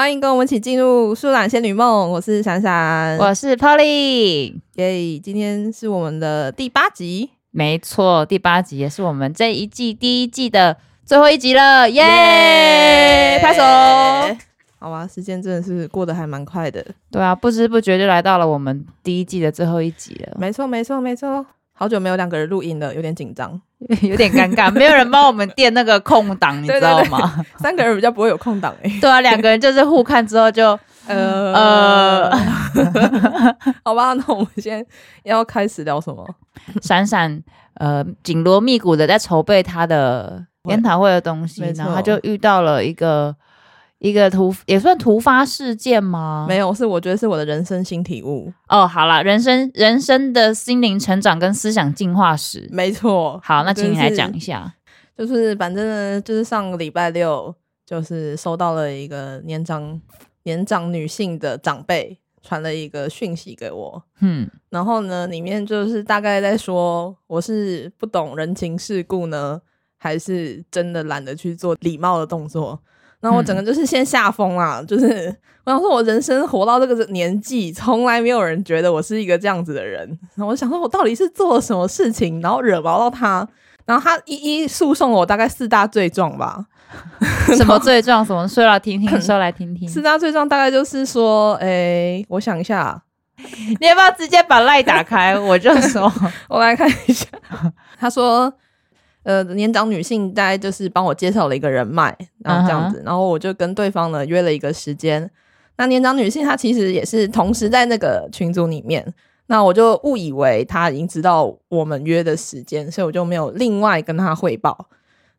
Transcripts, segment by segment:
歡迎跟我們一起進入《樹懶仙女夢》，我是閃閃，我是 Polly，耶！Yay, 今天是我們的第八集，沒錯，第八集也是我們這一季第一季的最後一集了，耶、yeah! yeah!！拍手。Yeah! 好吧，時間真的是過得還蠻快的，對啊，不知不覺就來到了我們第一季的最後一集了，沒錯，沒錯，沒錯。好久沒有兩個人錄音了，有點緊張， 有點尷尬，沒有人幫我們墊那個空檔， 你知道嗎？對對對，三個人比較不會有空檔、欸、 對啊，兩個人就是互看之後就 呃， 好吧，那我們先要開始聊什麼？閃閃呃，緊鑼密鼓的在籌備他的研討會的東西，然後他就遇到了一個。一個突也算突發事件嗎？沒有，是我覺得是我的人生新體悟。哦，好啦，人生人生的心靈成長跟思想進化史，沒錯。好，那請你來講一下，就是、就是、反正呢就是上個禮拜六，就是收到了一個年長年長女性的長輩傳了一個訊息給我，嗯，然後呢，裡面就是大概在說，我是不懂人情世故呢，還是真的懶得去做禮貌的動作。然後我整個就是先嚇瘋了，就是我想說，我人生活到這個年紀，從來沒有人覺得我是一個這樣子的人。然後我想說，我到底是做了什麼事情，然後惹毛到他？然後他一一訴訟了我大概四大罪狀吧。什麼罪狀？ 什麼，說來聽聽？說來聽聽。四大罪狀大概就是說，哎、欸，我想一下、啊， 你要不要直接把賴打開？ 我就說， 我來看一下。他說。呃，年長女性大概就是幫我介紹了一個人脈，然後這樣子，uh -huh. 然後我就跟對方呢約了一個時間。那年長女性她其實也是同時在那個群組裡面，那我就誤以為她已經知道我們約的時間，所以我就沒有另外跟她匯報。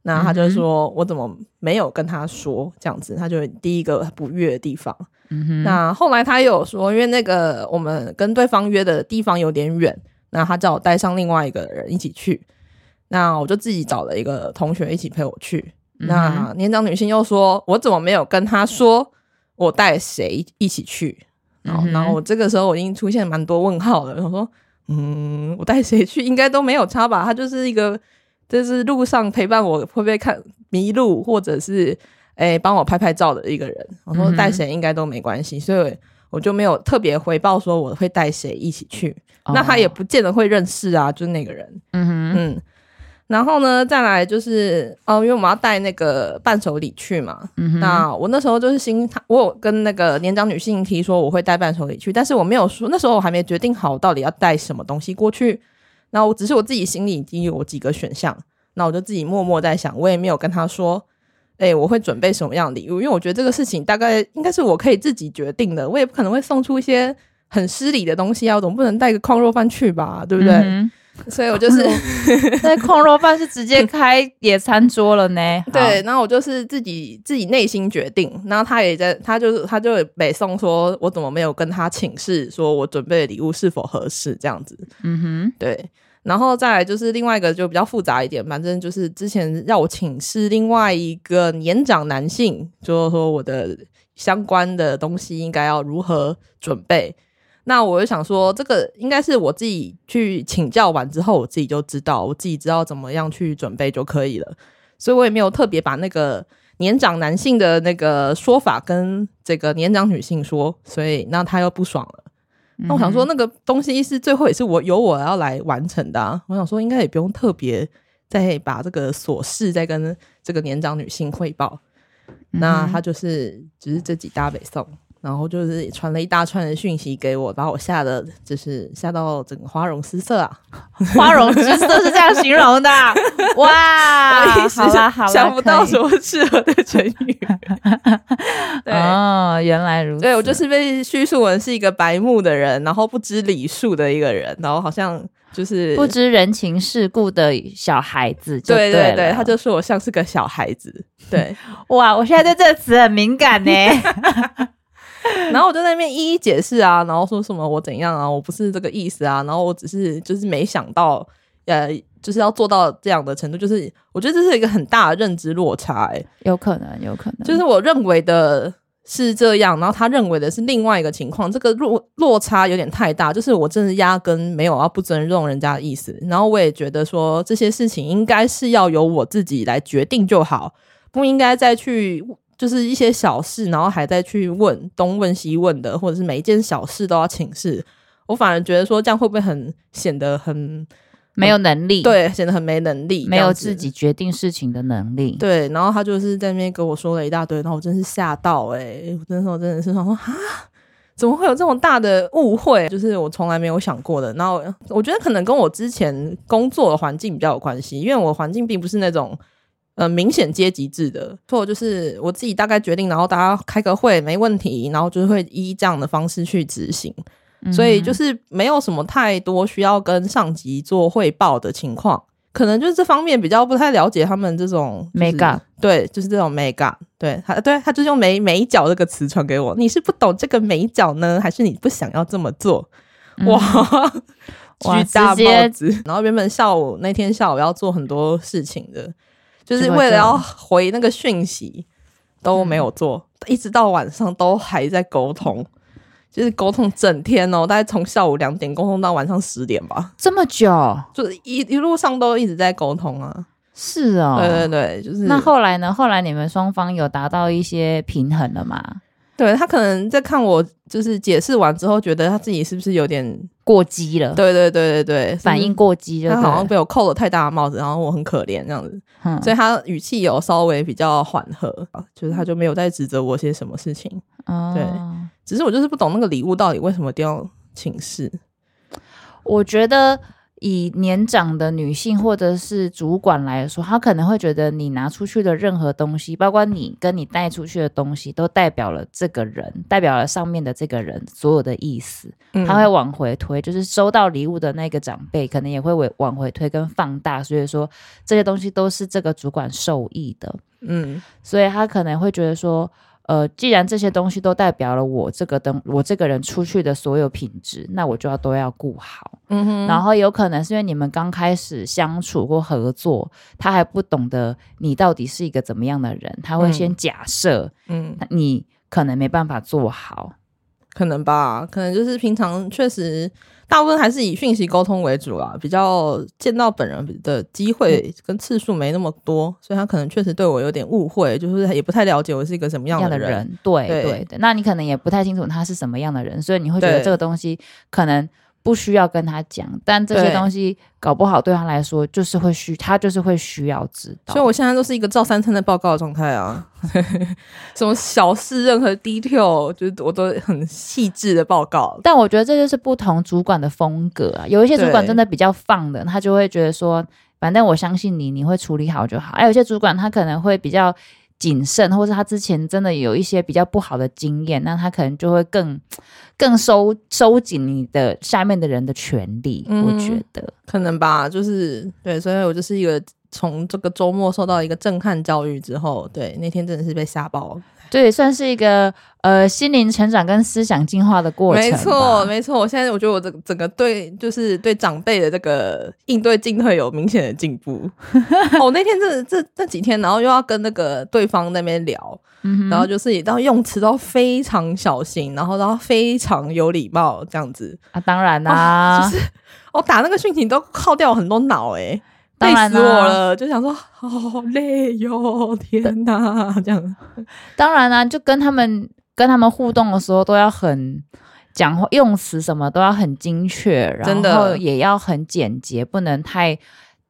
那她就說：“我怎麼沒有跟她說？” uh -huh. 這樣子，她就第一個不悅的地方。Uh -huh. 那後來她有說，因為那個我們跟對方約的地方有點遠，那她叫我帶上另外一個人一起去。那我就自己找了一個同學一起陪我去。嗯、那年長女性又說：“我怎麼沒有跟他說我帶誰一起去、嗯？”好、然後我這個時候我已經出現蠻多問號了。我說：“嗯，我帶誰去應該都沒有差吧？他就是一個就是路上陪伴我，會不會看迷路，或者是、欸、幫我拍拍照的一個人？”我說：“帶誰應該都沒關係。嗯”所以我就沒有特別回報說我會帶誰一起去。哦、那他也不見得會認識啊，就是那個人。嗯嗯。然後呢，再來就是哦，因為我們要帶那個伴手禮去嘛。嗯哼。那我那時候就是心，我有跟那個年長女性提說我會帶伴手禮去，但是我沒有說，那時候我還沒決定好到底要帶什麼東西過去。然後我只是我自己心裡已經有幾個選項，那我就自己默默在想，我也沒有跟她說，哎、欸，我會準備什麼樣禮物，因為我覺得這個事情大概應該是我可以自己決定的，我也不可能會送出一些很失禮的東西啊，我總不能帶個控肉飯去吧，對不對？嗯所以我就是那控肉飯 是直接開野 餐桌了呢。對，然後我就是自己自己內心決定，然後他也在，他就他就北送說，我怎麼沒有跟他請示，說我準備的禮物是否合適這樣子。嗯哼，對。然後再來就是另外一個就比較複雜一點，反正就是之前要我請示另外一個年長男性，就是說，我的相關的東西應該要如何準備。那我就想說，這個應該是我自己去請教完之後，我自己就知道，我自己知道怎麼樣去準備就可以了。所以我也沒有特別把那個年長男性的那個說法跟這個年長女性說，所以那他又不爽了。嗯、那我想說，那個東西是最後也是我由我要來完成的，啊。我想說，應該也不用特別再把這個瑣事再跟這個年長女性匯報，嗯。那他就是只，就是這幾大北宋。然後就是傳了一大串的訊息給我，把我嚇得就是嚇到整個花容失色啊！花容失色是這樣形容的、啊、 哇,哇！好,好想不到什麼適合的成語 對。哦，原來如此。對我就是被敘述文是一個白目的人，然後不知禮數的一個人，然後好像就是不知人情世故的小孩子就對。對對對，他就說我像是個小孩子。對， 哇！我現在對這個詞很敏感呢。 然後我就在那邊一一解釋啊，然後說什麼我怎樣啊，我不是這個意思啊，然後我只是就是沒想到，呃，就是要做到這樣的程度，就是我覺得這是一個很大的認知落差。欸，有可能，有可能，就是我認為的是這樣，然後他認為的是另外一個情況，這個落落差有點太大，就是我真的壓根沒有要不尊重人家的意思，然後我也覺得說這些事情應該是要由我自己來決定就好，不應該再去。就是一些小事，然後還在去問東問西問的，或者是每一件小事都要請示。我反而覺得說這樣會不會很顯得很沒有能力、嗯？對，顯得很沒能力，沒有自己決定事情的能力。對。然後他就是在那邊跟我說了一大堆，然後我真是嚇到哎、欸！我真的，真的是想說啊，怎麼會有這麼大的誤會？就是我從來沒有想過的。然後我覺得可能跟我之前工作的環境比較有關係，因為我環境並不是那種。呃，明顯階級制的錯就是我自己大概決定，然後大家開個會沒問題，然後就是會依這樣的方式去執行、嗯，所以就是沒有什麼太多需要跟上級做匯報的情況，可能就是這方面比較不太了解他們這種、就是、美感，對，就是這種美感，對他，對他就用美“美美角”這個詞傳給我，你是不懂這個美角呢，還是你不想要這麼做？嗯、哇，巨大帽子哇直接。然後原本下午那天下午要做很多事情的。就是為了要回那個訊息都沒有做、嗯，一直到晚上都還在溝通，就是溝通整天哦，大概從下午兩點溝通到晚上十點吧，這麼久，就一一路上都一直在溝通啊，是啊、哦，對對對，就是。那後來呢？後來你們雙方有達到一些平衡了嗎？對，他可能在看我，就是解釋完之後，覺得他自己是不是有點過激了？對對對對對，反應過激了，他好像被我扣了太大的帽子，然後我很可憐這樣子、嗯，所以他語氣有稍微比較緩和，就是他就沒有再指責我些什麼事情、嗯。對，只是我就是不懂那個禮物到底為什麼丟寢室。我覺得。以年長的女性或者是主管來說，她可能會覺得你拿出去的任何東西，包括你跟你帶出去的東西，都代表了這個人，代表了上面的這個人所有的意思。嗯，他會往回推，就是收到禮物的那個長輩，可能也會往回推跟放大。所以說，這些東西都是這個主管受益的。嗯，所以他可能會覺得說。呃，既然這些東西都代表了我這個東，我這個人出去的所有品質，那我就要都要顧好。嗯哼，然後有可能是因為你們剛開始相處或合作，他還不懂得你到底是一個怎麼樣的人，他會先假設，嗯，你可能沒辦法做好。可能吧，可能就是平常確實大部分還是以訊息溝通為主啊，比較見到本人的機會跟次數沒那麼多，嗯、所以他可能確實對我有點誤會，就是也不太了解我是一個什麼樣的人、的人，對對對，對，那你可能也不太清楚他是什麼樣的人，所以你會覺得這個東西可能，不需要跟他講，但這些東西搞不好對他來說就是會需，他就是會需要知道。所以我現在都是一個照三餐的報告狀態啊， 什麼小事任何 detail，就是我都很細緻的報告。 但我覺得這就是不同主管的風格啊，有一些主管真的比較放的，他就會覺得說，反正我相信你，你會處理好就好。哎，有些主管他可能會比較。謹慎，或者他之前真的有一些比較不好的經驗，那他可能就會更更收收緊你的下面的人的權利。我覺得。嗯，可能吧，就是對，所以我就是一個從這個周末受到一個震撼教育之後，對那天真的是被嚇爆了。對，算是一個呃心靈成長跟思想進化的過程。沒錯，沒錯。我現在我覺得我整個對，就是對長輩的這個應對進退有明顯的進步。 哦，那天這這這幾天，然後又要跟那個對方那邊聊、嗯，然後就是也到用詞都非常小心，然後然後非常有禮貌這樣子。啊，當然啦、啊啊，就是我、哦、打那個訊息都耗掉很多腦哎、欸。累死我了，啊、就想說好累喲、哦！天哪、啊，這樣。當然啦、啊，就跟他們跟他們互動的時候都要很講話，用詞什麼都要很精確，然後也要很簡潔，不能太、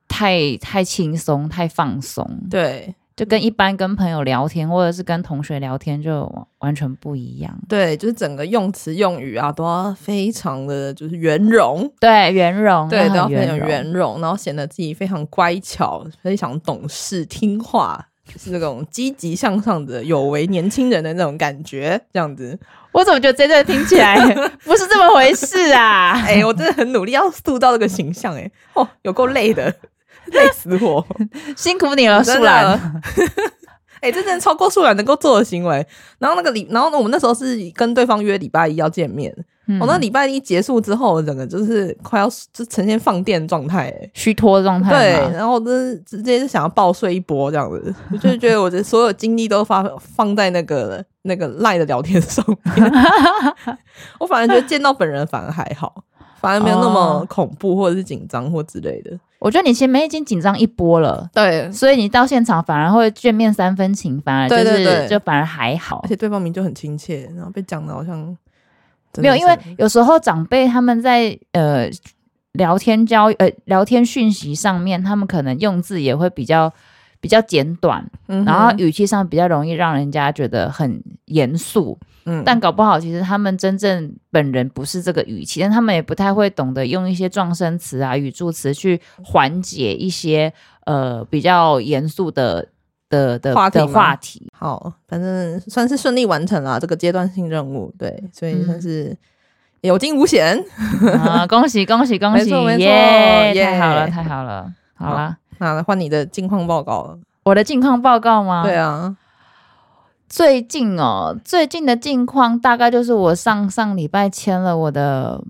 太、太輕鬆，太放鬆。對。就跟一般跟朋友聊天，或者是跟同學聊天，就完全不一樣。對，就是整個用詞用語啊，都要非常的就是圓融。對，圓融，對，很都要非常圓融，然後顯得自己非常乖巧、非常懂事、聽話，就是那種積極向上的有為年輕人的那種感覺。這樣子， 我怎麼覺得這段聽起來不是這麼回事啊？哎、 欸，我真的很努力要塑造這個形象、欸，哎，哦，有夠累的。 累死我， 辛苦你了，樹懶。哎、 欸，這真正超過樹懶能夠做的行為。然後那個禮，然後呢，我們那時候是跟對方約禮拜一要見面。我、嗯哦、那禮拜一結束之後，整個就是快要就呈現放電狀態、欸，虛脫狀態。對，然後就是直接是想要暴睡一波這樣子。我就覺得我的所有精力都發放在那個那個賴的聊天上面。 我反而覺得見到本人反而還好，反而沒有那麼恐怖或者是緊張或之類的。我覺得你前面已經緊張一波了，對，所以你到現場反而會見面三分情，反而就是對對對，就反而還好，而且對方名就很親切，然後被講的好像真的沒有，因為有時候長輩他們在呃聊天交呃聊天訊息上面，他們可能用字也會比較比較簡短，嗯、然後語氣上比較容易讓人家覺得很嚴肅。嗯，但搞不好，其實他們真正本人不是這個語氣，但他們也不太會懂得用一些狀聲詞啊、語助詞去緩解一些呃比較嚴肅的的的話的話題。好，反正算是順利完成了這個階段性任務，對，所以算是有驚無險、嗯、 啊！恭喜恭喜恭喜，沒錯，沒錯 yeah, yeah. 太好了太好了，好了，那換你的近況報告了。我的近況報告嗎？對啊。最近哦，最近的近況大概就是我上上禮拜簽了我的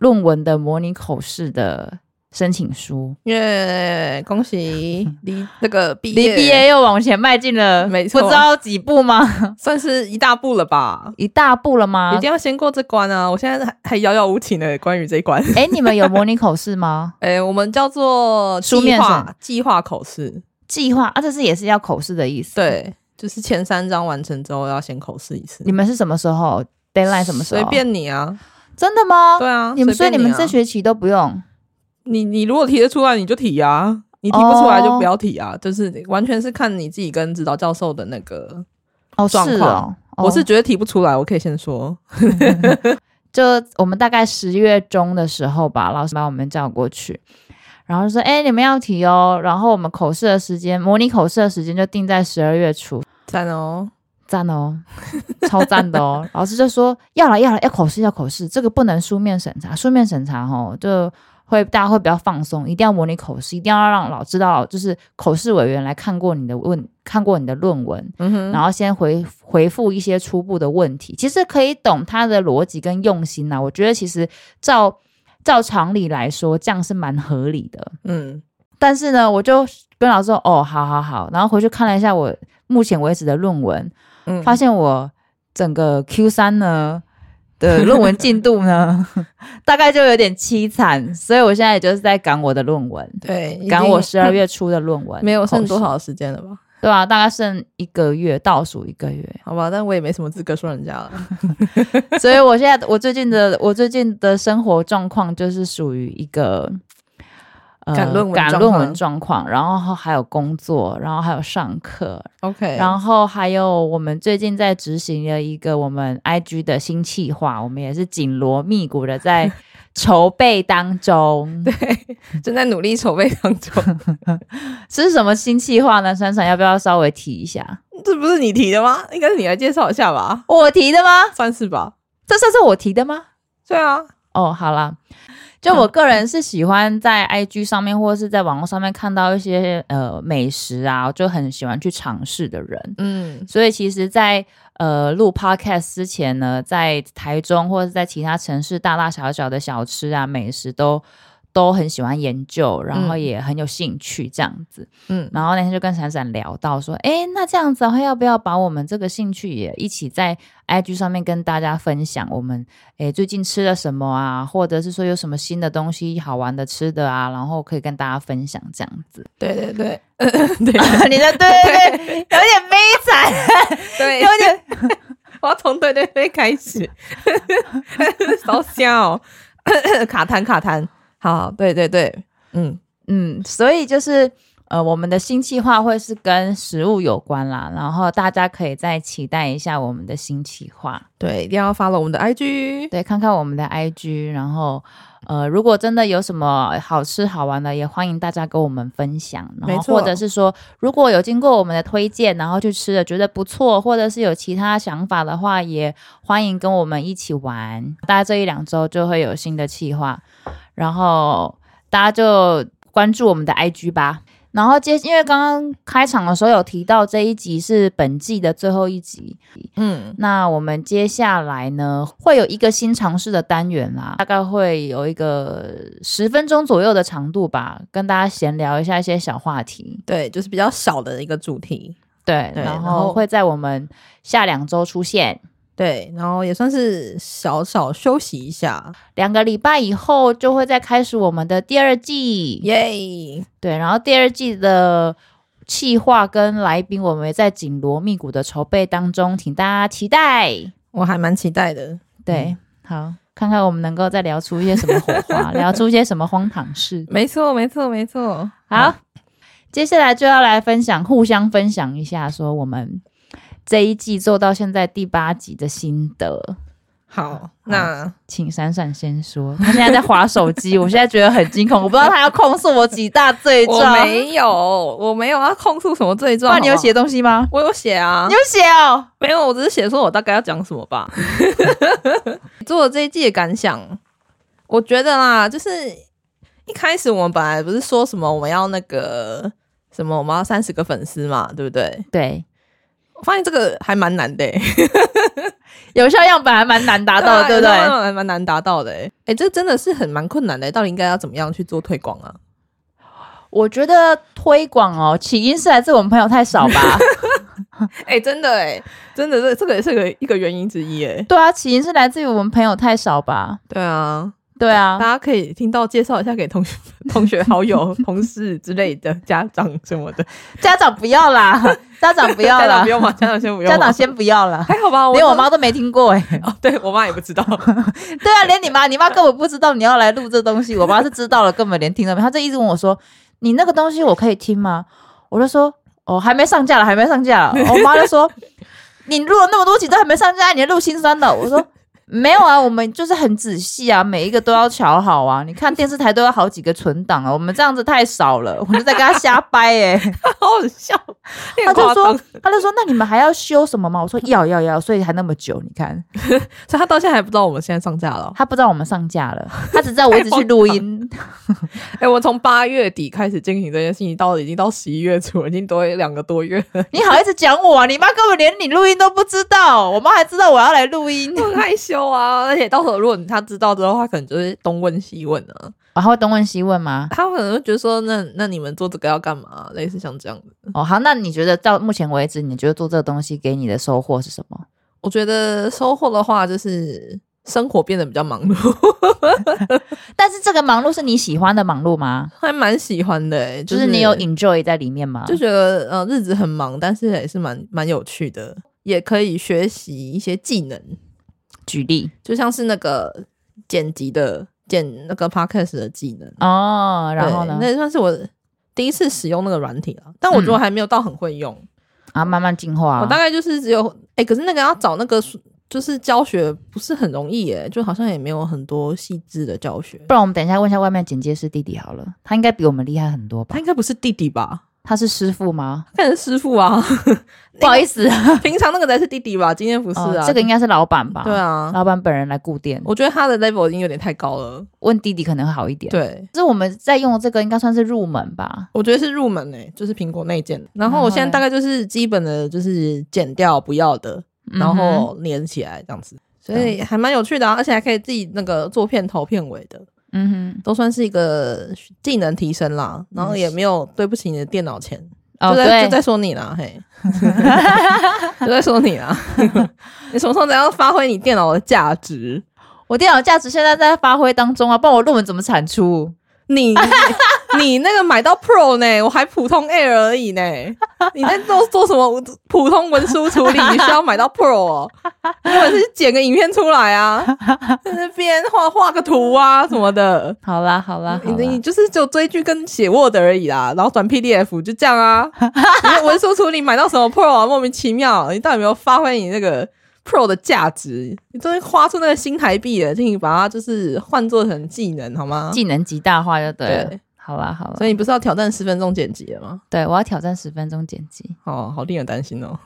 論文的模擬口試的申請書。耶、yeah，恭喜離 那個畢業，離畢業又往前邁進了，沒錯，不知道幾步嗎？算是一大步了吧？一大步了嗎？一定要先過這關啊！我現在還遙遙無期呢、欸。關於這一關，哎、 欸，你們有模擬口試嗎？哎、欸，我們叫做化書面計劃口試計劃啊，這是也是要口試的意思，對。就是前三章完成之後，要先口試一次。你們是什麼時候？Deadline 什麼時候？隨便你啊。真的嗎？對啊。你們你、啊、所以你們這學期都不用。你你如果提得出來，你就提啊；你提不出來就不要提啊。Oh. 就是完全是看你自己跟指導教授的那個狀況。Oh, 是哦 oh. 我是覺得提不出來，我可以先說。 就我們大概十月中的時候吧，老師把我們叫過去，然後就說：“哎、欸，你們要提哦。”然後我們口試的時間，模擬口試的時間就定在十二月初。讚哦、喔，讚哦、喔，超讚的哦、喔！ 老師就說，要來要來要口試要口試，這個不能書面審查，書面審查哦，就會大家會比較放鬆，一定要模擬口試，一定要讓老師知道老，就是口試委員來看過你的問，看過你的論文、嗯，然後先回回復一些初步的問題。其實可以懂他的邏輯跟用心吶，我覺得其實照照常理來說，這樣是蠻合理的。嗯，但是呢，我就跟老師說哦，好好好，然後回去看了一下我。目前為止的論文、嗯，發現我整個 Q 三呢的論文進度呢， 大概就有點悽慘，所以我現在也就是在趕我的論文，對，趕我十二月初的論文、嗯，沒有剩多少時間了吧？對吧、啊？大概剩一個月，倒數一個月，好吧？但我也沒什麼資格說人家了， 所以我現在我最近的我最近的生活狀況就是屬於一個。呃、趕論文狀況，趕論文狀況，然後還有工作，然後還有上課，OK，然後還有我們最近在執行的一個我們 IG 的新企劃，我們也是緊鑼密鼓的在籌備當中， 對，正在努力籌備當中。 是什麼新企劃呢？珊珊要不要稍微提一下？這不是你提的嗎？應該是你來介紹一下吧。我提的嗎？算是吧。這算是我提的嗎？對啊。哦，好了。就我個人是喜歡在 IG 上面或者是在網絡上面看到一些呃美食啊，就很喜歡去嘗試的人。嗯，所以其實在、在呃錄 Podcast 之前呢，在台中或者在其他城市大大小小的小吃啊美食都都很喜歡研究，然後也很有興趣這樣子，嗯，然後那天就跟閃閃聊到說，哎、嗯欸，那這樣子的話，還要不要把我們這個興趣也一起在 IG 上面跟大家分享？我們哎、欸，最近吃了什麼啊？或者是說有什麼新的東西好玩的吃的啊？然後可以跟大家分享這樣子。對對對，對 你的對對對，有點悲慘， 對，有點， 我從對對對開始， 好笑、哦、笑卡，卡痰卡痰。好，對對對，嗯嗯，所以就是呃，我們的新企劃會是跟食物有關啦，然後大家可以再期待一下我們的新企劃。對，一定要 follow 我們的 IG，對，看看我們的 IG。然後呃，如果真的有什麼好吃好玩的，也歡迎大家跟我們分享。沒錯，或者是說，如果有經過我們的推薦，然後去吃了覺得不錯，或者是有其他想法的話，也歡迎跟我們一起玩。大概這一兩周就會有新的企劃。然後大家就關注我們的 IG 吧。然後接，因為剛剛開場的時候有提到這一集是本季的最後一集，嗯，那我們接下來呢會有一個新嘗試的單元啦，大概會有一個十分鐘左右的長度吧，跟大家閒聊一下一些小話題。對，就是比較小的一個主題。對，對然後，然後會在我們下兩周出現。對，然後也算是小小休息一下，兩個禮拜以後就會再開始我們的第二季，耶、yeah！對，然後第二季的企劃跟來賓，我們也在緊鑼密鼓的籌備當中，請大家期待。我還蠻期待的，對，嗯、好，看看我們能夠再聊出一些什麼火花， 聊出一些什麼荒唐事。沒錯，沒錯，沒錯。好、嗯，接下來就要來分享，互相分享一下，說我們。這一季做到現在第八集的心得，好，嗯、那好請閃閃先說。他現在在滑手機， 我現在覺得很驚恐，我不知道他要控訴我幾大罪狀。 我沒有，我沒有啊，控訴什麼罪狀？你寫 那你有寫東西嗎？我有寫啊，你有寫哦。沒有，我只是寫說我大概要講什麼吧。 做了這一季的感想，我覺得啦，就是一開始我們本來不是說什麼我們要那個什麼我們要三十個粉絲嘛，對不對？對。發現這個還蠻難的、欸， 有效樣本還蠻難達到的。對不、啊、對、啊對？還蠻難達到的、欸，哎、欸，這真的是很蠻困難的、欸。到底應該要怎麼樣去做推廣啊？我覺得推廣哦，起因是來自我們朋友太少吧？哎、 欸，真的、欸，哎，真的是這個也是個一個原因之一、欸，哎，對啊，起因是來自於我們朋友太少吧？對啊。對啊，大家可以聽到，介紹一下給同學、同學好友、 同事之類的，家長什麼的。 家長不要啦，家長不要啦， 家長不用，家長先不要，家長先不要啦，還好吧，我連我媽都沒聽過哎、欸。 哦，對，我媽也不知道。 對啊，連你媽，你媽根本不知道你要來錄這東西。我媽是知道了，根本連聽都沒有。她就一直問我說：“ 你那個東西我可以聽嗎？”我就說：“哦，還沒上架了，還沒上架。 哦”我媽就說：“你錄了那麼多集都還沒上架，你還錄心酸的？”我說。沒有啊，我們就是很仔細啊，每一個都要瞧好啊。你看電視台都有好幾個存檔啊，我們這樣子太少了，我就在跟他瞎掰哎、欸， 好笑他。他就說，他就說，那你們還要修什麼嗎？我說要要要，所以還那麼久。你看， 所以他到現在還不知道我們現在上架了、哦，他不知道我們上架了，他只知道我一直去錄音。哎 慌張、 欸，我們從八月底開始進行這件事情，到已經到十一月初，已經多兩個多月。了。 你好意思講我啊？你媽根本連你錄音都不知道，我媽還知道我要來錄音，不開有啊，而且到時候如果他知道之後，他可能就是東問西問呢、啊。啊，他會東問西問嗎？他可能會覺得說，那那你們做這個要幹嘛？類似像這樣子。哦，好，那你覺得到目前為止，你覺得做這個東西給你的收穫是什麼？我覺得收穫的話，就是生活變得比較忙碌。 但是這個忙碌是你喜歡的忙碌嗎？還蠻喜歡的、欸就是，就是你有 enjoy 在裡面嗎？就覺得呃，日子很忙，但是也是蠻蠻有趣的，也可以學習一些技能。舉例，就像是那個剪輯的剪那個 Podcast 的技能哦，然後呢，那也算是我第一次使用那個軟體了，但我覺得還沒有到很會用，嗯、啊，慢慢進化、啊。我大概就是只有哎、欸，可是那個要找那個就是教學不是很容易耶、欸，就好像也沒有很多細緻的教學。不然我們等一下問一下外面剪接師弟弟好了，他應該比我們厲害很多吧？他應該不是弟弟吧？他是師傅嗎？他是師傅啊呵呵，不好意思啊。平常那個才是弟弟吧？今天不是啊，哦、這個應該是老闆吧？對啊，老闆本人來顧店。我覺得他的 level 已經有點太高了，問弟弟可能會好一點。對，就是我們在用的這個，應該算是入門吧？我覺得是入門誒、欸，就是蘋果內件。然後我現在大概就是基本的就是剪掉不要的，嗯、然後粘起來這樣子，所以還蠻有趣的、啊，而且還可以自己那個做片頭片尾的。嗯哼，都算是一個技能提升啦，嗯、然後也沒有對不起你的電腦錢、哦，就在就在說你啦，嘿， 就在說你啦 你從頭怎樣發揮你電腦的價值？我電腦價值現在在發揮當中啊，不然我論文怎麼產出？你。 你那個買到 Pro 呢，我還普通 Air 而已呢。你在做做什麼普通文書處理？你需要買到 Pro，哦，或者是剪個影片出來啊，在那邊畫畫個圖啊什麼的。好啦好啦，好啦，你，你就是就追劇跟寫 Word 而已啦，然後轉 PDF 就這樣啊。 你文書處理買到什麼 Pro、啊、莫名其妙。你到底有沒有發揮你那個 Pro 的價值？你終於花出那個新台幣了，請你把它就是換做成技能好嗎？技能極大化就對了。對好吧，好吧，所以你不是要挑戰十分鐘剪輯嗎？對，我要挑戰十分鐘剪輯。哦，好令人擔心哦。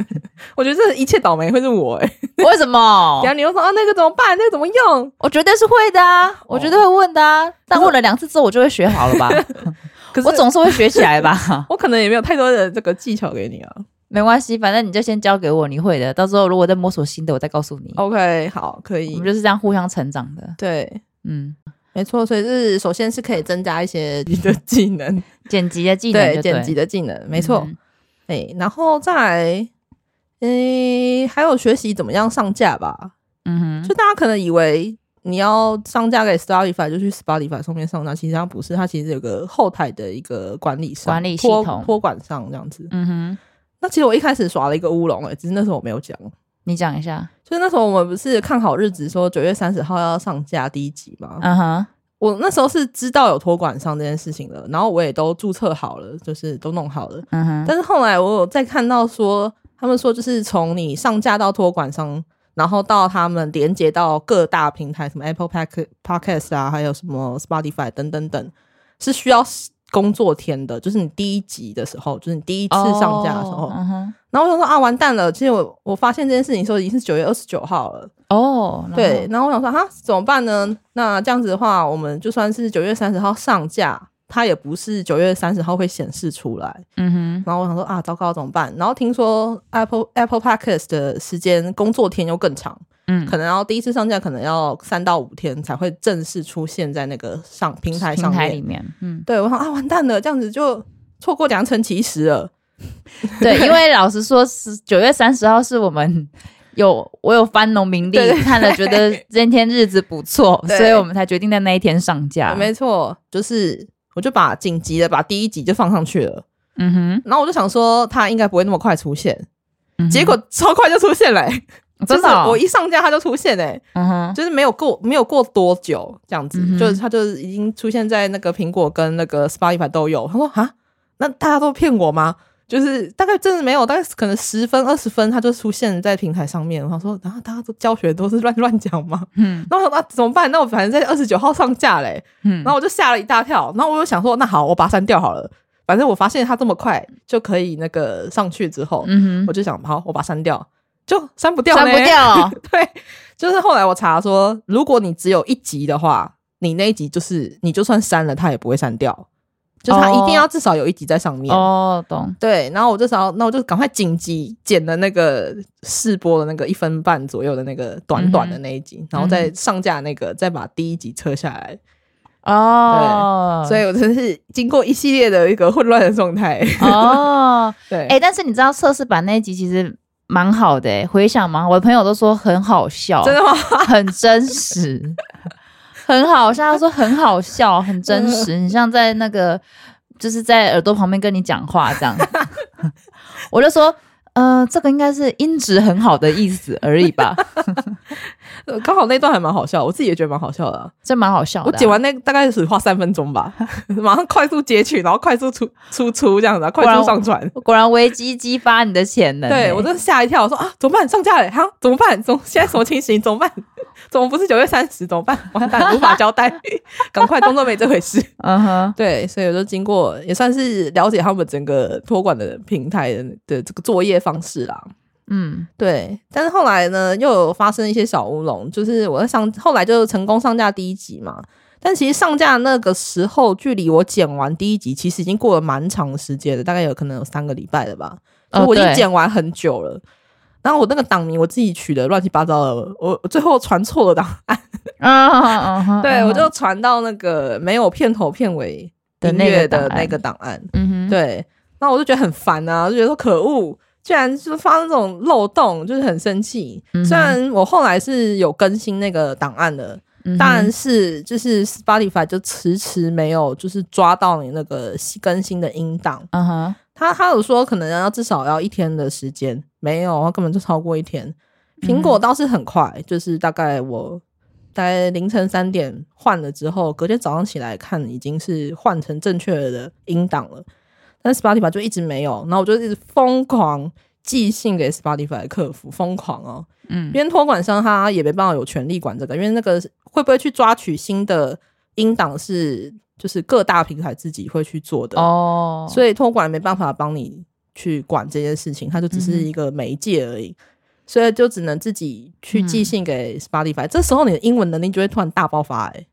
我覺得這一切倒霉會是我欸。為什麼？然後你又說啊，那個怎麼辦？那個怎麼用？我絕對是會的啊，哦，我絕對會問的啊，但。但問了兩次之後，我就會學好了吧？可是 我總是會學起來吧？ 我可能也沒有太多的這個技巧給你啊。沒關係，反正你就先教給我，你會的。到時候如果再摸索新的，我再告訴你。OK，好，可以。我們就是這樣互相成長的。對，嗯。沒錯，所以是首先是可以增加一些你 的技能， 剪輯的技能，對剪輯的技能，沒錯。哎，然後再來，哎，還有學習怎麼樣上架吧。嗯哼，就大家可能以為你要上架給 Spotify 就去 Spotify 上面上架，其實它不是，它其實有個後台的一個管理上管理系統托管上，這樣子。嗯哼，那其實我一開始耍了一個烏龍，哎，只是那時候我沒有講。你講一下，所以那時候我們不是看好日子說九月三十號要上架第一集嗎？嗯哼，我那時候是知道有托管商這件事情的，然後我也都註冊好了，就是都弄好了。嗯哼，但是後來我有再看到說，他們說就是從你上架到托管商，然後到他們連接到各大平台，什麼 Apple Pack Podcast 啊，還有什麼 Spotify 等等等，是需要。工作天的，就是你第一集的時候，就是你第一次上架的時候。Oh, uh-huh. 然後我想說啊，完蛋了！其實我我發現這件事情的時候，已經是九月二十九號了。哦，oh，對。然後我想說啊，怎麼辦呢？那這樣子的話，我們就算是九月三十號上架，它也不是九月三十號會顯示出來。嗯哼。然後我想說啊，糟糕，怎麼辦？然後聽說 Apple Apple Podcast 的時間工作天又更長。嗯，可能要第一次上架，可能要三到五天才會正式出現在那個上平台上面平台裡面。嗯，對，我想啊，完蛋了，這樣子就錯過良辰吉時了。對。 因為老實說，是九月三十號是我們有我有翻農民曆看了，覺得今天日子不錯，所以我們才決定在那一天上架。上架沒錯，就是我就把緊急的把第一集就放上去了。嗯哼，然後我就想說，它應該不會那麼快出現，嗯，結果超快就出現了。真的、哦，就是、我一上架他就出現哎、欸，嗯就是沒有過沒有過多久這樣子，嗯、就是他就是已經出現在那個蘋果跟那個 Spotify 都有。他說啊，那大家都騙我嗎？就是大概真的沒有，大概可能十分二十分他就出現在平台上面。我說，然、啊、後大家都教學都是亂亂講嘛。嗯，那我說那怎麼辦？那我反正在二十九號上架嘞、欸，嗯，然後我就嚇了一大跳。然後我又想說，那好，我把它刪掉好了。反正我發現他這麼快就可以那個上去之後，嗯我就想好，我把它刪掉。就刪不掉，刪不掉。 對，就是後來我查說，如果你只有一集的話，你那一集就是你就算刪了，它也不會刪掉。就是它一定要至少有一集在上面。哦，懂。對，然後我這時候，那我就趕快緊急剪了那個試播的那個一分半左右的那個短短的那一集，嗯、然後再上架那個、嗯，再把第一集撤下來。哦。對，所以我真是經過一系列的一個混亂的狀態。哦， 對。哎、欸，但是你知道測試版那一集其實。蠻好的、欸，回想蠻好，我的朋友都說很好笑，真的嗎？很真實， 很好像他說很好笑，很真實，你 像在那個就是在耳朵旁邊跟你講話這樣， 我就說，嗯、呃，這個應該是音質很好的意思而已吧。 剛好那段還蠻好笑，我自己也覺得蠻好笑的，啊，真蠻好笑的。啊。我剪完那大概只花三分鐘吧， 馬上快速截取，然後快速出出出這樣子，快速上傳。果然危機激發你的潛能、欸。對我真的嚇一跳，我說啊，怎麼辦？上架了，欸，哈，怎麼辦？怎麼現在什麼情形？怎麼辦？怎麼不是九月三十？怎麼辦？完蛋，無法交代。趕 快工作沒這回事。嗯哼，對，所以我就經過也算是了解他們整個托管的平台的這個作業方式啦。嗯，對，但是後來呢，又有發生一些小烏龍，就是我在上後來就成功上架第一集嘛，但其實上架那個時候，距離我剪完第一集，其實已經過了蠻長時間了，大概有可能有三個禮拜了吧，哦、所以我已經剪完很久了，然後我那個檔名我自己取的亂七八糟的，我最後傳錯了檔案，啊、oh, oh, oh, oh, oh. 對，我就傳到那個沒有片頭片尾音樂的，的那個檔案，那個、檔案嗯對，那我就覺得很煩啊，就覺得說可惡。居然是發生那種漏洞，就是很生氣、嗯。雖然我後來是有更新那個檔案的、嗯，但是就是 Spotify 就遲遲沒有就是抓到你那個更新的音檔。啊、嗯、哈，他他有說可能要至少要一天的時間，沒有，他根本就超過一天。蘋、嗯、果倒是很快，就是大概我大概凌晨三點換了之後，隔天早上起來看已經是換成正確的音檔了。但 Spotify 就一直沒有，然後我就一直瘋狂寄信給 Spotify 的客服，瘋狂哦、喔。嗯，因為托管商他也沒辦法有權利管這個，因為那個會不會去抓取新的音檔是就是各大平台自己會去做的哦，所以托管沒辦法幫你去管這件事情，它就只是一個媒介而已，嗯、所以就只能自己去寄信給 Spotify、嗯。這時候你的英文能力就會突然大爆發、欸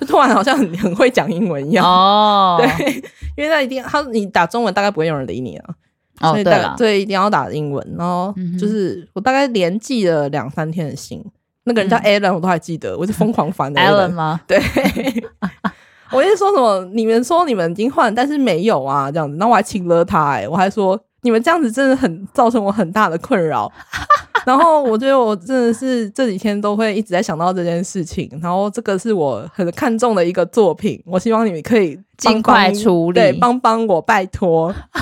就突然好像很很會講英文一樣哦，對，因為那一定他你打中文大概不會有人理你啊，了、哦，所以對對一定要打英文，然後就是、嗯、我大概連寄了兩三天的信，那個人叫 Alan 我都還記得，嗯、我是瘋狂煩的 Alan 嗎？對， 我一直說什麼？你們說你們已經換，但是沒有啊，這樣子，那我還請了他哎、欸，我還說你們這樣子真的很造成我很大的困擾。哈哈。 然後我覺得我真的是這幾天都會一直在想到這件事情，然後這個是我很看重的一個作品，我希望你們可以幫幫儘快處理，對幫幫我，拜托。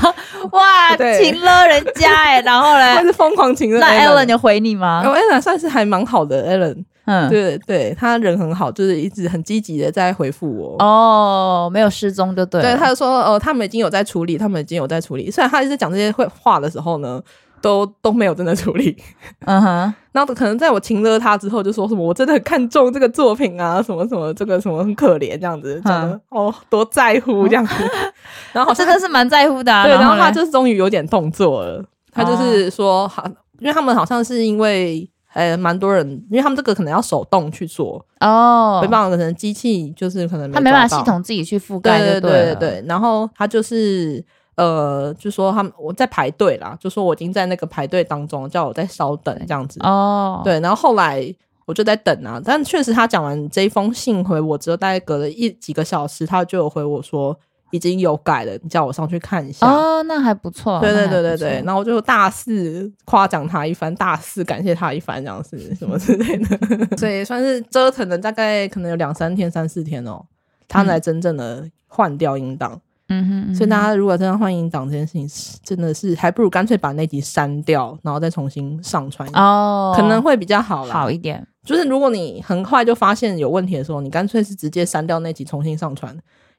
哇，情勒人家誒然後嘞，那 是瘋狂情勒。那 Ellen 就回你嗎 Ellen 算是還蠻好的 Ellen 嗯，對,對對，他人很好，就是一直很積極的在回覆我。哦、oh,，沒有失蹤就對。對，他就說哦、呃，他們已經有在處理，他們已經有在處理。雖然他一直講這些會話的時候呢。都都沒有真的處理，嗯哼。那可能在我情勒他之後，就說什麼我真的很看重這個作品啊，什麼什麼這個什麼很可憐這樣子，講、uh -huh. 的哦多在乎這樣子。 然後好像他他真的是蠻在乎的、啊，對。然後他就是終於有點動作了，他就是說好，因為他們好像是因為呃蠻多人，因為他們這個可能要手動去做哦，oh. 沒辦法，可能機器就是可能沒他沒辦法系統自己去覆蓋對，對對對對。然後他就是。呃，就說他們我在排隊啦，就說我已經在那個排隊當中，叫我再稍等這樣子哦。對，然後後來我就在等啊，但確實他講完這一封信回我，我只有大概隔了一幾個小時，他就有回我說已經有改了，你叫我上去看一下。哦，那還不錯。對對對對對。然後我就大肆誇獎他一番，大肆感謝他一番，這樣是什麼之類的。 所以算是折騰了大概可能有兩三天、三四天哦，他才真正的換掉音檔。嗯嗯哼，嗯哼，所以大家如果真的歡迎擋這件事情，真的是還不如乾脆把那集刪掉，然後再重新上傳哦，可能會比較好啦，好一點。就是如果你很快就發現有問題的時候，你乾脆是直接刪掉那集，重新上傳，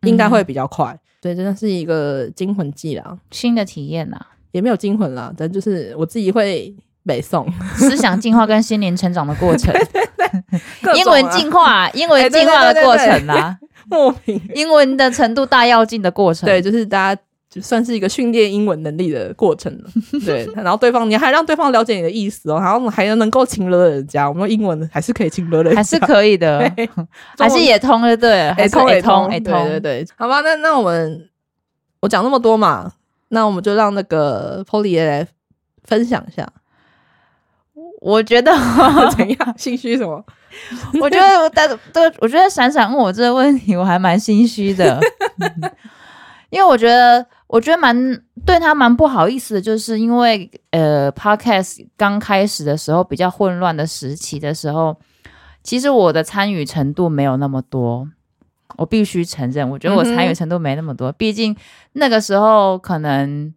嗯，應該會比較快。所以真的是一個驚魂記啦，新的體驗啦，也沒有驚魂啦。反就是我自己會北宋思想進化跟心靈成長的過程， 對對對啊， 英文進化，英文進化的過程啦，啊。欸對對對對對 磨名英文的程度大，要進的過程。 對，就是大家就算是一個訓練英文能力的過程對，然後對方你還讓對方了解你的意思哦，然後還要能夠親熱人家，我們英文還是可以親熱的，還是可以的，還是也通的對，還是也通對，欸、通也通，欸通也通欸、通對，對對對，好吧，那那我們我講那麼多嘛，那我們就讓那個 Polly 爺來分享一下。我，我覺得怎樣？心 虛什麼？ 我覺得，但我覺得閃閃問我這個問題，我還蠻心虛的， 因為我覺得，我覺得蠻對他蠻不好意思的，就是因為呃，Podcast 剛開始的時候比較混亂的時期的時候，其實我的參與程度沒有那麼多，我必須承認，我覺得我參與程度沒那麼多，嗯、畢竟那個時候可能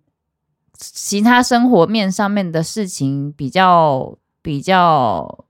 其他生活面上面的事情比較比較。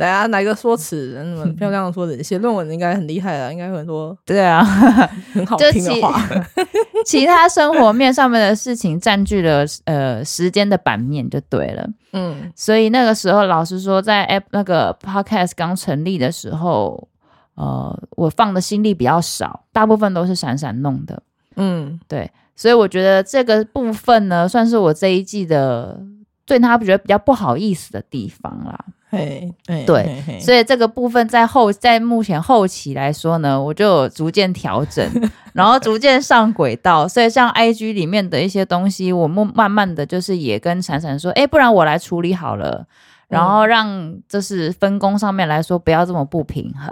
來啊，來個說辭，漂亮的說辭。 寫論文應該很厲害啊，應該很多 對啊，很好聽的話。 其他生活面上面的事情佔據了呃時間的版面，就對了。嗯，所以那個時候，老實說，在 app 那個 podcast 剛成立的時候，呃，我放的心力比較少，大部分都是閃閃弄的。嗯，對，所以我覺得這個部分呢，算是我這一季的，對他覺得比較不好意思的地方啦。哎、hey, hey,，hey, hey. 對，所以這個部分在後，在目前後期來說呢，我就有逐漸調整，然後逐漸上軌道。 所以像 I G 裡面的一些東西，我們慢慢的就是也跟閃閃說，哎、欸，不然我來處理好了，然後讓就是分工上面來說不要這麼不平衡。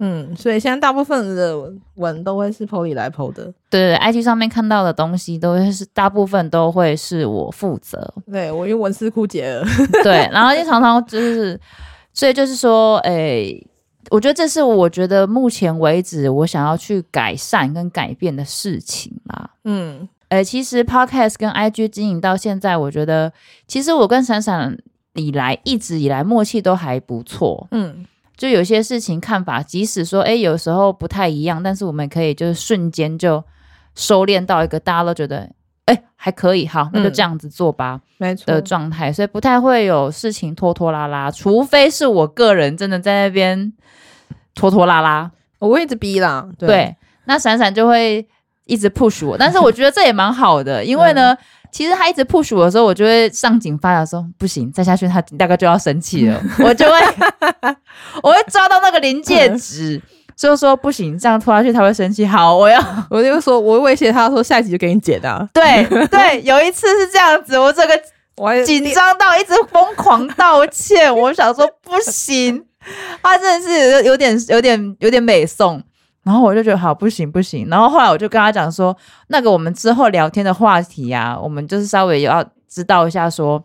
嗯，所以現在大部分的文都會是 Poly 來 PO 的，對，IG 上面看到的東西都會是大部分都會是我負責，對，我因為文思枯竭了， 對，然後就常常就是，所以就是說，哎、欸，我覺得這是我覺得目前為止我想要去改善跟改變的事情啦，嗯，哎、欸，其實 Podcast 跟 IG 經營到現在，我覺得其實我跟閃閃以來一直以來默契都還不錯，嗯。就有些事情看法，即使說誒、欸、有時候不太一樣，但是我們可以就是瞬間就收斂到一個大家都覺得哎、欸、還可以哈，那就這樣子做吧，嗯、沒錯的狀態，所以不太會有事情拖拖拉拉，除非是我個人真的在那邊拖拖拉拉，我會一直逼啦，對，對那閃閃就會一直 push 我，但是我覺得這也蠻好的， 因為呢。嗯其實他一直 push 我的時候，我就會上緊發條的時候，不行，再下去他大概就要生氣了， 我就會，我會抓到那個臨界值，就說不行，這樣拖下去他會生氣。好，我要，我就說，我會威脅他說，下一集就給你剪啊。對對，有一次是這樣子，我這個我緊張到一直瘋狂道歉，我想說不行，他真的是有點有點有點，有點美頌。然後我就覺得好不行不行，然後後來我就跟他講說，那個我們之後聊天的話題啊，我們就是稍微也要知道一下，說，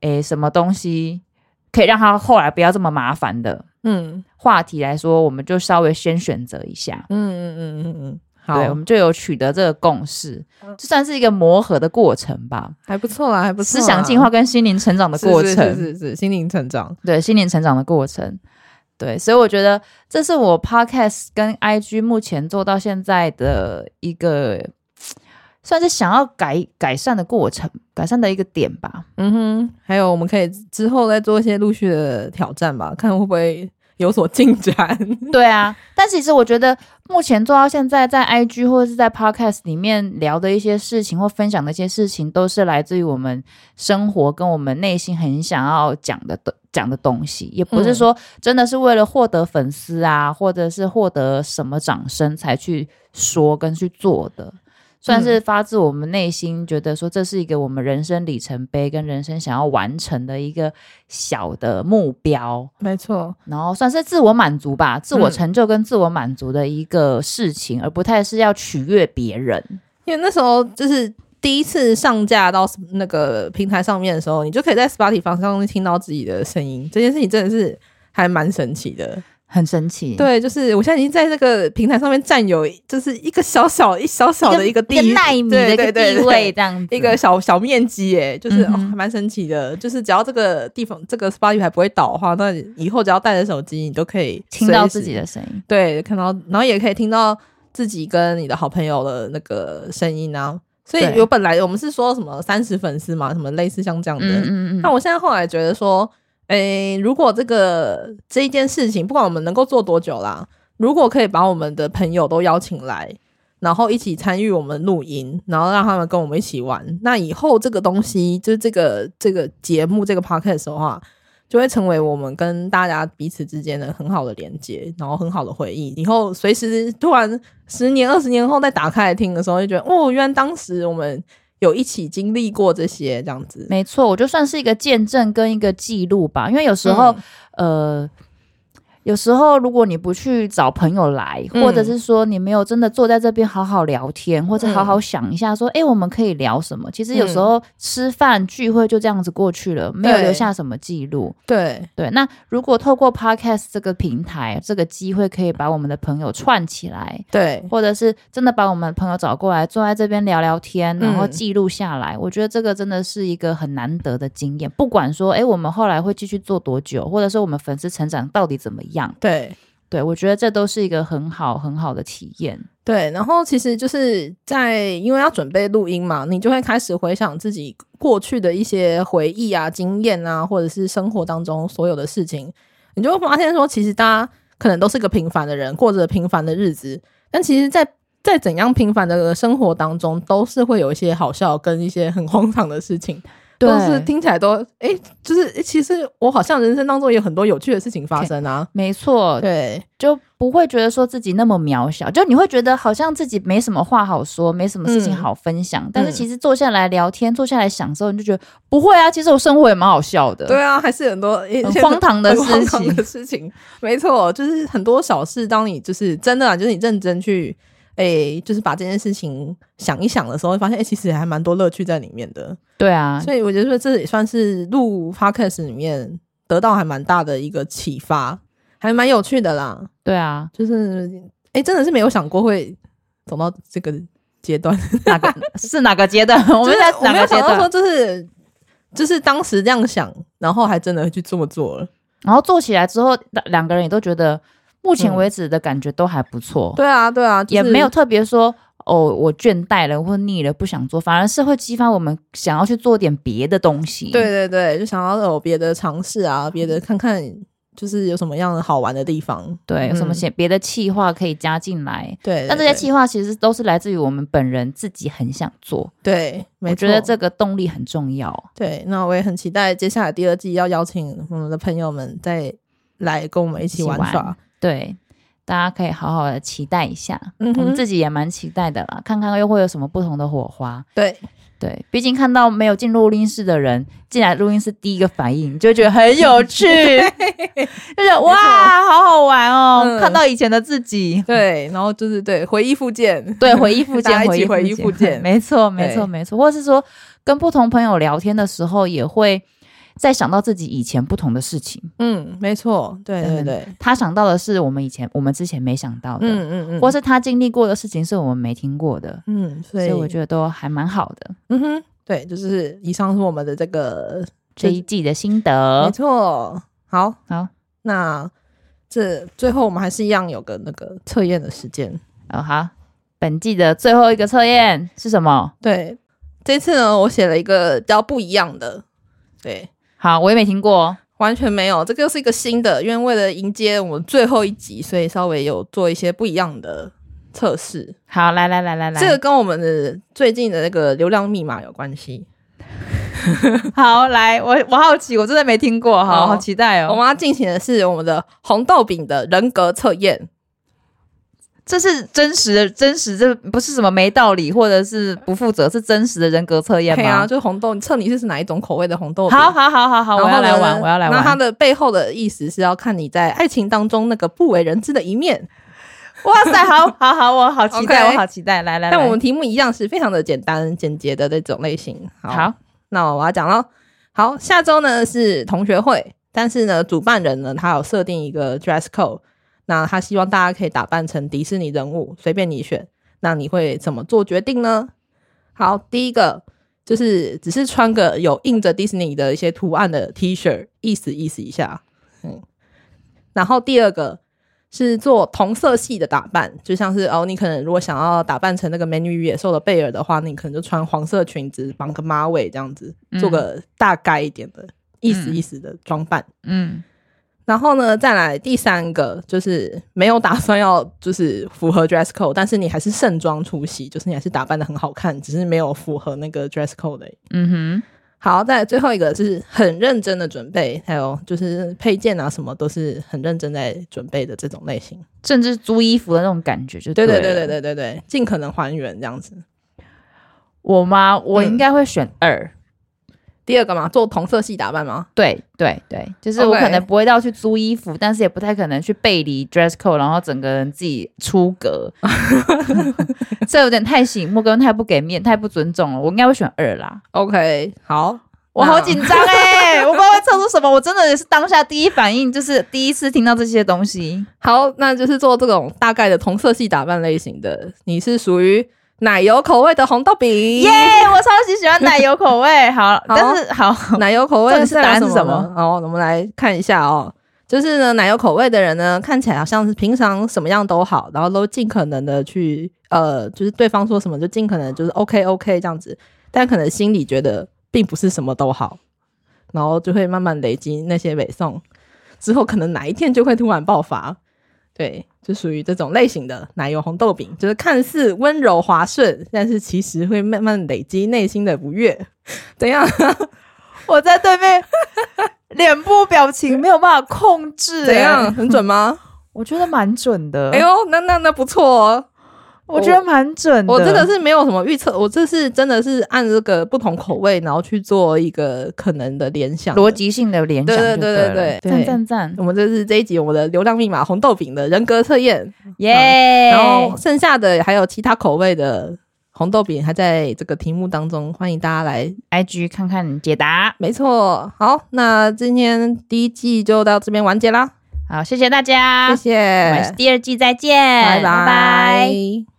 誒什麼東西可以讓他後來不要這麼麻煩的，嗯，話題來說，我們就稍微先選擇一下，嗯嗯嗯嗯嗯，好，我們就有取得這個共識，就算是一個磨合的過程吧，還不錯啦，還不錯，思想進化跟心靈成長的過程，是是，是是是是，心靈成長，對，心靈成長的過程。對，所以我覺得這是我 podcast 跟 IG 目前做到現在的一個，算是想要改改善的過程，改善的一個點吧。嗯哼，還有我們可以之後再做一些陸續的挑戰吧，看會不會有所進展。 對啊，但是其實我覺得目前做到現在，在 IG 或是在 podcast 裡面聊的一些事情或分享的一些事情，都是來自於我們生活跟我們內心很想要講的的。講的東西也不是說真的是為了獲得粉絲啊，嗯，或者是獲得什麼掌聲才去說跟去做的，算是發自我們內心，覺得說這是一個我們人生里程碑跟人生想要完成的一個小的目標。沒錯，然後算是自我滿足吧，自我成就跟自我滿足的一個事情，嗯，而不太是要取悅別人。因為那時候就是。第一次上架到那個平台上面的時候，你就可以在 Spotify 房上聽到自己的聲音。這件事情真的是還蠻神奇的，很神奇。對，就是我現在已經在這個平台上面占有，就是一個小小一小小的一個納米的一個地位，這樣對對對對，一個小小面積，哎，就是、嗯哦、還蠻神奇的。就是只要這個地方這個 Spotify 還不會倒的話，那以後只要帶着手機，你都可以聽到自己的聲音。對，看到，然後也可以聽到自己跟你的好朋友的那個聲音啊。所以，有，本來我們是說什麼三十粉絲嘛，什麼類似像這樣的。但、嗯嗯嗯、我現在後來覺得說，誒、欸，如果這個這一件事情，不管我們能夠做多久啦，如果可以把我們的朋友都邀請來，然後一起參與我們錄音，然後讓他們跟我們一起玩，那以後這個東西，就是這個這個節目這個 podcast 的話哈就會成為我們跟大家彼此之間的很好的連接，然後很好的回憶。以後隨時突然十年、二十年後再打開來聽的時候，就覺得哦，原來當時我們有一起經歷過這些，這樣子。沒錯，我就算是一個見證跟一個記錄吧，因為有時候、嗯、呃。有時候，如果你不去找朋友來，或者是說你沒有真的坐在這邊好好聊天，嗯、或者好好想一下說，說、嗯、哎，我們可以聊什麼？其實有時候吃飯聚會就這樣子過去了，嗯、沒有留下什麼記錄。對對，對，那如果透過 Podcast 這個平台，這個機會可以把我們的朋友串起來，對，或者是真的把我們朋友找過來坐在這邊聊聊天，然後記錄下來、嗯，我覺得這個真的是一個很難得的經驗。不管說哎，我們後來會繼續做多久，或者說我們粉絲成長到底怎麼樣？一樣，對對，我覺得這都是一個很好很好的體驗。對，然後其實就是在，因為要準備錄音嘛，你就會開始回想自己過去的一些回憶啊、經驗啊，或者是生活當中所有的事情，你就會發現說，其實大家可能都是個平凡的人，過着平凡的日子，但其實在，在在怎樣平凡的生活當中，都是會有一些好笑跟一些很荒唐的事情。但是聽起來都哎、欸，就是其實我好像人生當中也有很多有趣的事情發生啊。沒錯，對，就不會覺得說自己那麼渺小，就你會覺得好像自己沒什麼話好說，沒什麼事情好分享。嗯、但是其實坐下來聊天，嗯、坐下來享受，你就覺得不會啊。其實我生活也蠻好笑的，對啊，還是很多很荒唐的事情。荒唐的事情沒錯，就是很多小事，當你就是真的，啊，就是你認真去。哎、欸，就是把這件事情想一想的時候，發現哎、欸，其實也還蠻多樂趣在裡面的。對啊，所以我覺得說這也算是錄 podcast 裡面得到還蠻大的一個啟發，還蠻有趣的啦。對啊，就是哎、欸，真的是沒有想過會走到這個階段，哪個 是哪個階段？我們在哪個階段說，就是、就是、就是當時這樣想，然後還真的去這麼做了，然後做起來之後，兩個人也都覺得。目前為止的感覺都還不錯。嗯，對啊，對啊，就是。也沒有特別說哦，我倦怠了或者膩了不想做，反而是會激發我們想要去做點別的東西。對對對，就想要有別的嘗試啊，別的看看，就是有什麼樣的好玩的地方，對，有、嗯、什麼些別的企劃可以加進來。對，對，對，對，但這些企劃其實都是來自於我們本人自己很想做。對，我覺得這個動力很重要。對，那我也很期待接下來第二季要邀請我們的朋友們再來跟我們一起玩耍。對，大家可以好好的期待一下。嗯，我們自己也蠻期待的啦，看看又會有什麼不同的火花。對對，畢竟看到沒有進錄音室的人進來錄音室，第一個反應就覺得很有趣， 就覺得哇，好好玩哦，喔嗯！看到以前的自己，對，然後就是對回憶復健，對回憶復健 回憶回憶復健， 沒錯，沒錯，沒錯。或者是說，跟不同朋友聊天的時候，也會。在想到自己以前不同的事情，嗯，沒錯，對對對，他想到的是我們以前我們之前沒想到的，嗯嗯嗯，或是他經歷過的事情是我們沒聽過的，嗯，所以，所以我覺得都還蠻好的，嗯哼，對，就是以上是我們的這個這一季的心得，沒錯，好，好，那這最後我們還是一樣有個那個測驗的時間啊，好，好，本季的最後一個測驗是什麼？對，這次呢，我寫了一個比較不一樣的，對。好，我也沒聽過哦，完全沒有。這個又是一個新的，因為為了迎接我們最後一集，所以稍微有做一些不一樣的測試。好，來來來來來，這個跟我們的最近的那個流量密碼有關係。 好，來，我我好奇，我真的沒聽過，好、哦、好，好期待哦。我們要進行的是我們的紅豆餅的人格測驗。這是真實的真實的，這不是什麼沒道理或者是不負責，是真實的人格測驗嗎？對啊，就是紅豆，測你,測你是,是哪一種口味的紅豆。好好好好好，我要來玩，我要來玩。那它的背後的意思是要看你在愛情當中那個不為人知的一面。哇塞，好 好好，我好期待，okay, 我好期待，來來。但我們題目一樣，是非常的簡單簡潔的那種類型。好，好那我要講囉。好，下周呢是同學會，但是呢，主辦人呢他有設定一個 dress code。那他希望大家可以打扮成迪士尼人物，隨便你選。那你會怎麼做決定呢？好，第一個就是只是穿個有印着迪士尼的一些圖案的 T 恤，意思意思一下。嗯。然後第二個是做同色系的打扮，就像是哦，你可能如果想要打扮成那個美女與野獸的貝爾的話，你可能就穿黃色裙子，綁個馬尾這樣子，做個大概一點的、嗯、意思意思的裝扮。嗯。嗯然後呢，再來第三個，就是沒有打算要，就是符合 dress code，但是你還是盛裝出席，就是你還是打扮得很好看，只是沒有符合那個 dress code 的、欸。嗯哼。好，再來最後一個，就是很認真的準備，還有就是配件啊什麼都是很認真在準備的這種類型，甚至租衣服的那種感覺，就對對對對對對對，盡可能還原這樣子。我嗎？我應該會選二。嗯第二個嘛，做同色系打扮嗎？對對對，就是我可能不會到去租衣服、okay，但是也不太可能去背離 dress code，然後整個人自己出格，這 有點太醒目跟太不給面、太不尊重了。我應該會選二啦。OK，好，我好緊張哎、欸， 我不知道會測出什麼？我真的也是當下第一反應就是第一次聽到這些東西。好，那就是做這種大概的同色系打扮類型的，你是屬於。奶油口味的紅豆餅，耶、yeah！我超級喜歡奶油口味。好， 好但是好，奶油口味 是答案是什麼？哦， 我們來看一下哦。就是呢，奶油口味的人呢，看起來好像是平常什麼樣都好，然後都盡可能的去，呃，就是對方說什麼就盡可能就是 OK OK 這樣子，但可能心裡覺得並不是什麼都好，然後就會慢慢累積那些尾送。之後可能哪一天就會突然爆發。對，就屬於這種類型的奶油紅豆餅，就是看似溫柔滑順，但是其實會慢慢累積內心的不悅。 怎樣？ 我在對面 臉部表情沒有辦法控制。怎樣？很準嗎？ 我覺得蠻準的。哎呦，那那那不錯哦。我，我覺得蠻準的，我真的是沒有什麼預測，我這是真的是按這個不同口味，Okay. 然後去做一個可能的聯想的，邏輯性的聯想對。對對對對對，讚讚讚！我們這是這一集我們的流量密碼紅豆餅的人格測驗，耶、yeah! 嗯！然後剩下的還有其他口味的紅豆餅還在這個題目當中，歡迎大家來 IG 看看解答。沒錯，好，那今天第一季就到這邊完結啦，好，謝謝大家，謝謝，我們第二季再見，拜拜。Bye bye